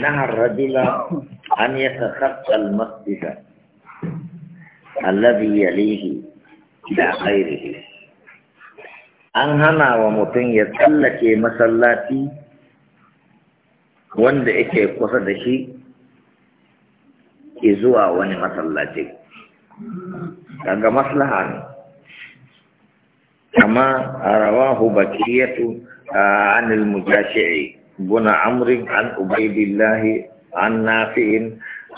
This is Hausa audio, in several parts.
نهى الرجل أن يتخطى المسجد الذي يليه إلى غيره an hana wa mutum ya tsallake masallaci wanda yake kusa da shi ki zuwa wani masallaci daga maslaha ne a rawahu bakiyatu anil mujashi'i بن عمرو عن عبيد الله عن نافع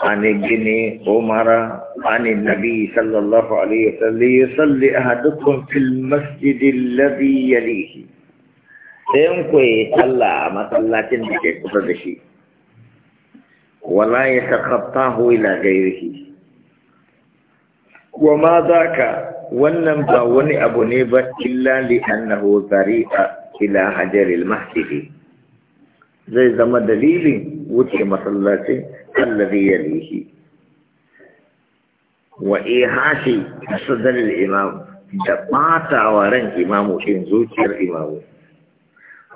عن ابن عمر عن النبي صلى الله عليه وسلم ليصلي أحدكم في المسجد الذي يليه صلى ما صلى بكيكوتا دشي ولا يتخطاه إلى غيره وما ذاك ولم ba ابو abu الا لانه illa الى annahu المسجد zai zama dalilin wuce masallacin allazi yalihi wa ihashi sadalil imam da bata ran imamu ɗin zuciyar imamu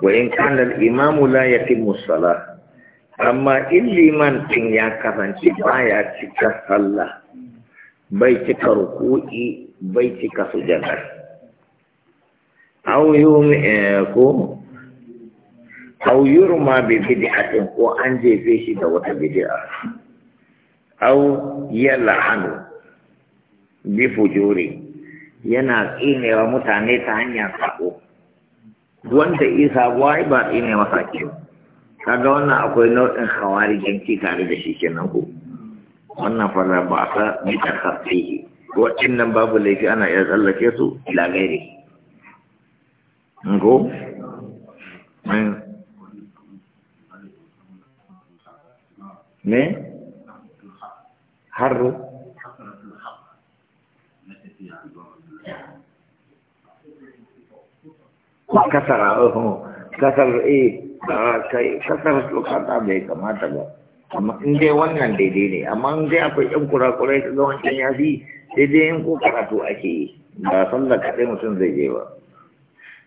wa in kana al imamu la yatimu salah amma in liman din ya kasance baya cika sallah bai cika ruku'i bai cika sujada aw yumi eh, ko ko أو يرمى ببدعة وأنجي فيه Au yalla hannu. bi fujuri yana tsinewa mutane ta hanyar sako wanda isa wai ba tsine masa kiwo kaga wannan akwai nau'in hawarijanci tare da shi kenan ko wannan fara ba sa bi takaffihi nan babu laifi ana iya tsallake su ila gairi ngo me har kasara oh kasar eh kai kasar su da bai kamata ba amma in dai wannan daidai ne amma in dai akwai yan kurakurai ka ga wancan ya fi daidai in ko karatu ake yi ba san da kaɗai mutum zai je ba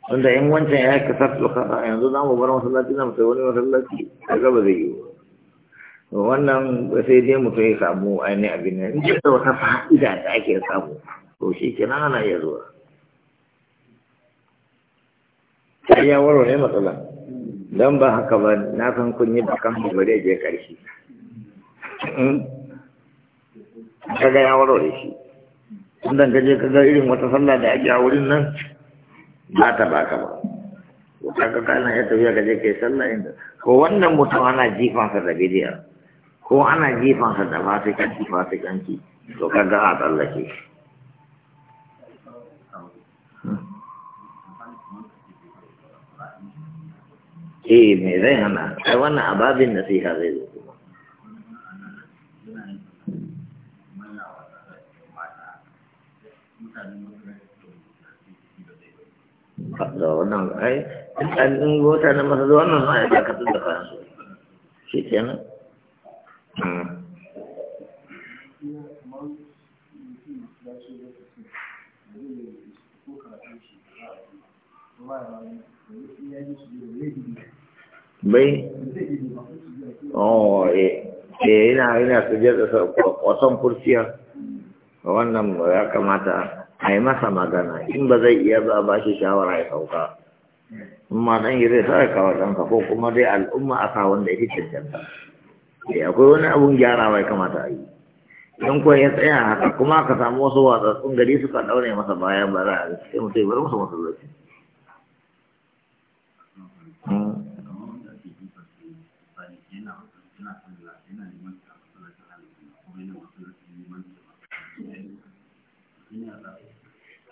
wanda in wancan ya kasar su yanzu za mu bar masallaci na mutum wani masallaci ka ga zai yi ba wannan sai dai mutum ya samu ainihin abin nan in da wata fa'ida da ake samu to shi kenan ana iya zuwa ya ne matsala don ba haka ba na san kun yi bakan bari je karshe hmm? kaga ya warware shi inda ka je kaga irin wata sallah da ake a wurin nan ba ta baka ba kaga kana ya tafiya ka je kai sallah inda ko wannan mutum ana jifansa da bidiyar ko ana sa da fasikanci fasikanci to kaga a tsallake shi eh me zai hana ai wannan ababin nasiha zai zo kuma da wannan ai an wata na masa zuwa da kansu shi kenan bai oh eh eh ina ina sujada sa kwaton kursiya wannan ya kamata a yi masa magana in ba zai iya ba ba shi shawara ya sauka in dan yi zai sa ka wa ko kuma dai al'umma a sa wanda ya fi cancanta Eh, akwai wani abun gyara ya kamata a yi don kuwa ya tsaya haka kuma aka samu wasu watsatsun gari suka daure masa baya ba za a sai mutum bar musu masallaci hmm.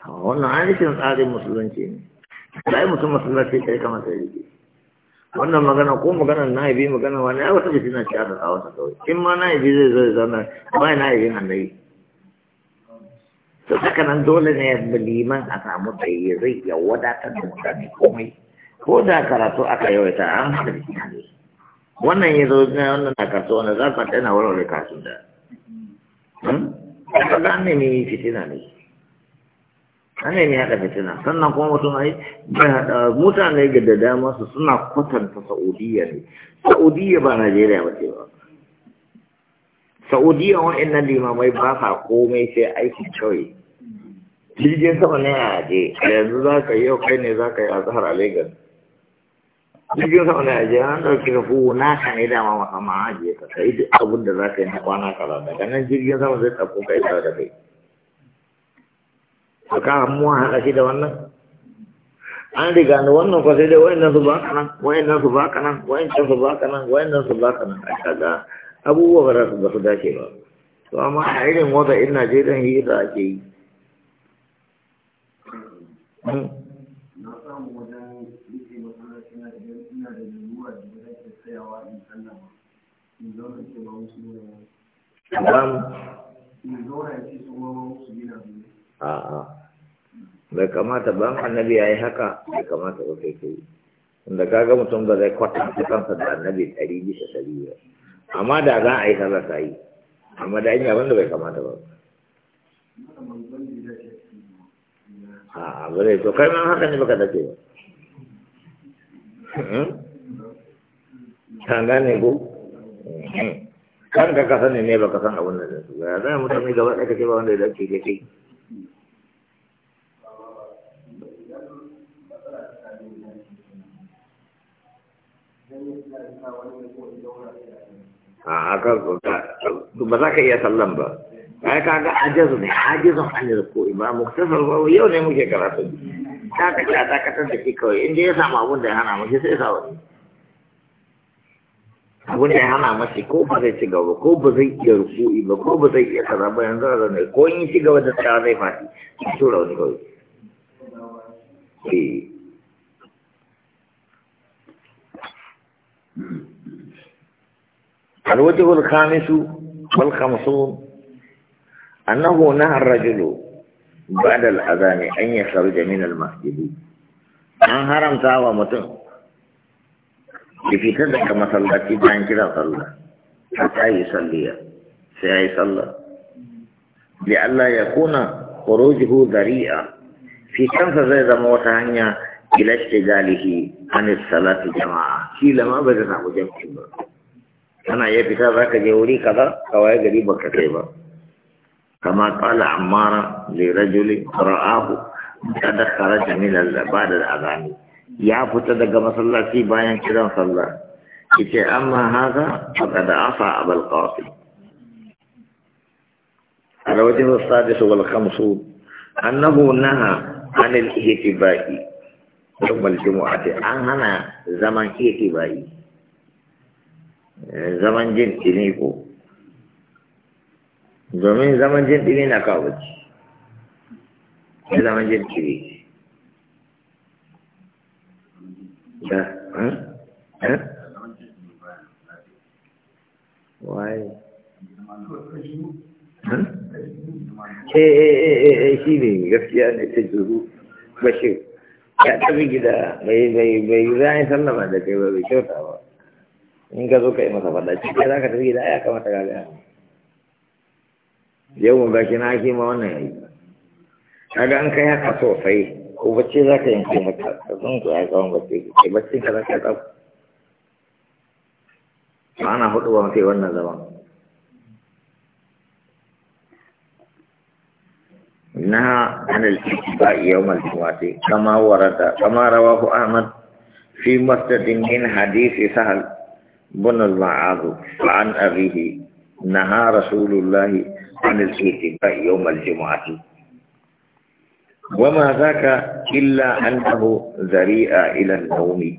wannan an rikin tsarin musulunci ne da yi mutum masallaci kai kamata ya rike wannan magana ko magana na ibi magana wani ya wata fitina ci aka kawo ta kawai in ma na ibi zai zai zama ba na ibi annabi to haka nan dole ne liman a samu tsaye zai ya wadatar da mutane komai ko da karatu aka yawaita an haka fitina ne wannan ya zai zai wannan na karatu wani za ka tsaye na warware kasu da. Hmm? ne fitina ne. ana ne haɗa fitina sannan kuma mutum ai mutane ga da dama su suna kwatanta sa'udiyya ne sa'udiyya ba najeriya ba ce ba sa'udiyya wa'annan limamai ba sa komai sai aiki kawai jirgin sama ne a aje yanzu za ka yi yau kai ne za ka yi azhar a lagos jirgin sama ne a aje an ɗauki ka fuhu naka ne dama musamman ma'aji aje ka sai duk abin da za ka yi na kwana kala daga nan jirgin sama zai ɗauko kai tare da kai to ka mu haɗa shi da wannan an riga ni wannan kwasai sai dai wayannan su baka nan wayannan su baka nan wayannan su baka nan wayannan su baka nan a kaga abubuwa ba su ba su dace ba to amma a irin wata in Najeriya yi da ake yi A'a. bai kamata ba annabi ya yi haka bai kamata ba sai kai inda ga mutum ba zai kwatanta kansa da annabi ɗari bisa ɗari ba amma da za a yi kaza ka yi amma da an yi abin da bai kamata ba a ba zai to kai ma haka ne baka dace ba ta hmm? gane ko hmm. kan ka kasa ne ne baka san abin da zai su ya zai mutane gaba ɗaya kake ba wanda ya dace da kai a haka ba za ka iya sallan ba ai kaga ajazu ne ajazun an ruku ba muktasar ba yau ne muke karatu ta ka ta dakatar da shi kawai inda ya samu abun da ya hana mashi sai sa Abun abin da ya hana mashi ko ba zai ci gaba ko ba zai iya ruku'i ba ko ba zai iya kaza ba yanzu a zaune ko in ci gaba da tsara zai fati a tura wani kawai eh. الوجه الخامس والخمسون أنه نهى الرجل بعد الأذان أن يخرج من المسجد an haramta wa mutum da fitar daga masallaci bayan kiran sallah hatta yi salliya sai ya yi sallah da Allah ya kuna khurujuhu dari'a fitansa zai zama wata hanya ila shigalihi an salati jama'a shi lama ba zai samu jami'in ba kana iya fita za ka je wuri kaza waye gari baka kai ba kama kala ammara li rajuli ra'ahu da kara jamila da ba da azani ya fita daga masallaci bayan kiran sallah yace amma haka da afa abul qasim الوجه السادس والخمسون أنه نهى عن الاهتباء يوم jumu'ati an hana zaman اهتبائي Eh, zaman jin ɗini ko domin zaman jin ɗini na kawo ci zaman jin ɗini da waye eh, eh, shi ne gaskiya ne ta juru bashir ya tafi gida bai bai bai zai sallama da kai ba bai kyauta ba in ka zo ka yi masa faɗa cikin za ka tafi gida ya kamata ka gaya yau mu baki na ake ma wannan yayi kaga an kai haka sosai ko bacci za ka yanke haka ka zan ku ya kawo bacci kai bacci ka za ka ɗau ana hudu ba mutai wannan zaman na anil ba yawmal jumu'ati kama warada kama rawahu ahmad fi masjidin min hadisi sahal بن المعاذ عن أبيه نهى رسول الله عن الاتباع يوم الجمعة وما ذاك إلا أنه ذريع إلى النوم